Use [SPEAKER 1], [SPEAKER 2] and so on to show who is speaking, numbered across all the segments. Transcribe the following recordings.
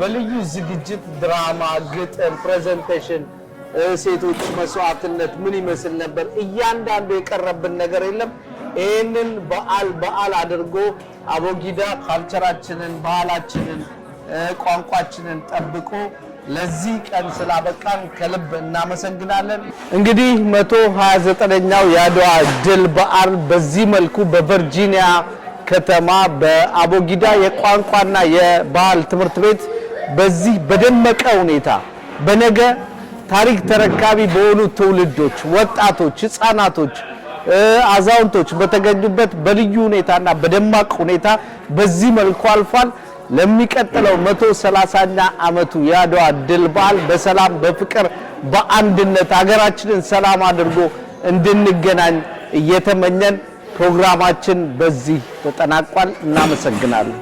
[SPEAKER 1] በልዩ ዝግጅት ድራማ፣ ግጥም፣ ፕሬዘንቴሽን፣ ሴቶች መስዋዕትነት ምን ይመስል ነበር? እያንዳንዱ የቀረብን ነገር የለም። ይህንን በዓል በዓል አድርጎ አቦጊዳ ካልቸራችንን፣ ባህላችንን፣ ቋንቋችንን ጠብቆ ለዚህ ቀን ስላበቃን ከልብ እናመሰግናለን። እንግዲህ 129ኛው የአድዋ ድል በዓል በዚህ መልኩ በቨርጂኒያ ከተማ በአቦጊዳ የቋንቋና የባህል ትምህርት ቤት በዚህ በደመቀ ሁኔታ በነገ ታሪክ ተረካቢ በሆኑ ትውልዶች፣ ወጣቶች፣ ህፃናቶች፣ አዛውንቶች በተገኙበት በልዩ ሁኔታና በደማቅ ሁኔታ በዚህ መልኩ አልፏል። ለሚቀጥለው መቶ ሰላሳኛ ዓመቱ የአድዋ ድል በዓል በሰላም በፍቅር በአንድነት ሀገራችንን ሰላም አድርጎ እንድንገናኝ እየተመኘን ፕሮግራማችን በዚህ ተጠናቋል። እናመሰግናለን።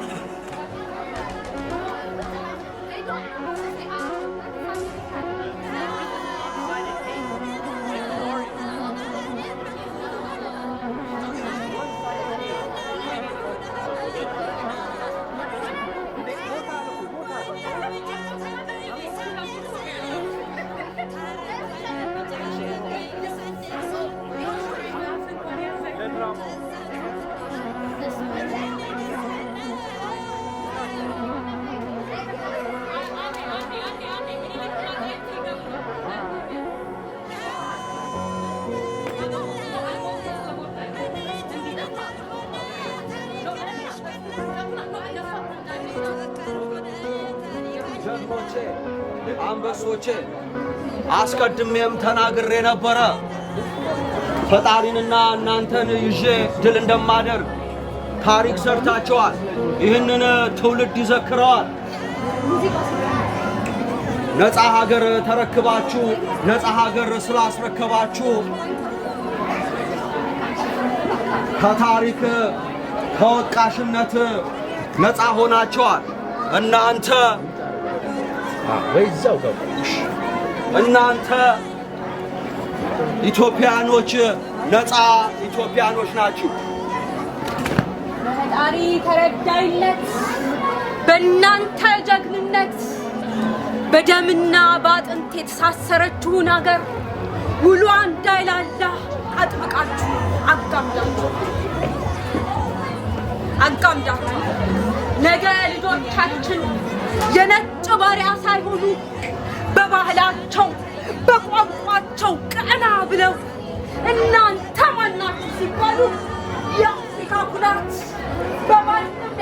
[SPEAKER 2] አንበሶቼ አስቀድሜም ተናግሬ ነበረ። ፈጣሪንና እናንተን ይዤ ድል እንደማደርግ ታሪክ ሰርታቸዋል። ይህንን ትውልድ ይዘክረዋል። ነፃ ሀገር ተረክባችሁ ነፃ ሀገር ስላስረከባችሁ ከታሪክ ከወቃሽነት ነፃ ሆናቸዋል። እናንተ እናንተ ኢትዮጵያኖች ነፃ ኢትዮጵያኖች ናችሁ።
[SPEAKER 3] በፈጣሪ ተረዳይነት በእናንተ ጀግንነት በደምና በአጥንት የተሳሰረችውን አገር ውሏ እንዳይላላ አጥብቃችሁ አጋምዳችሁ አጋምዳችሁ ነገ ልጆቻችን የነጭ ባሪያ ሳይሆኑ በባህላቸው በቋንቋቸው ቀና ብለው እናንተ ማናችሁ ሲባሉ የአፍሪካ ኩራት በማንም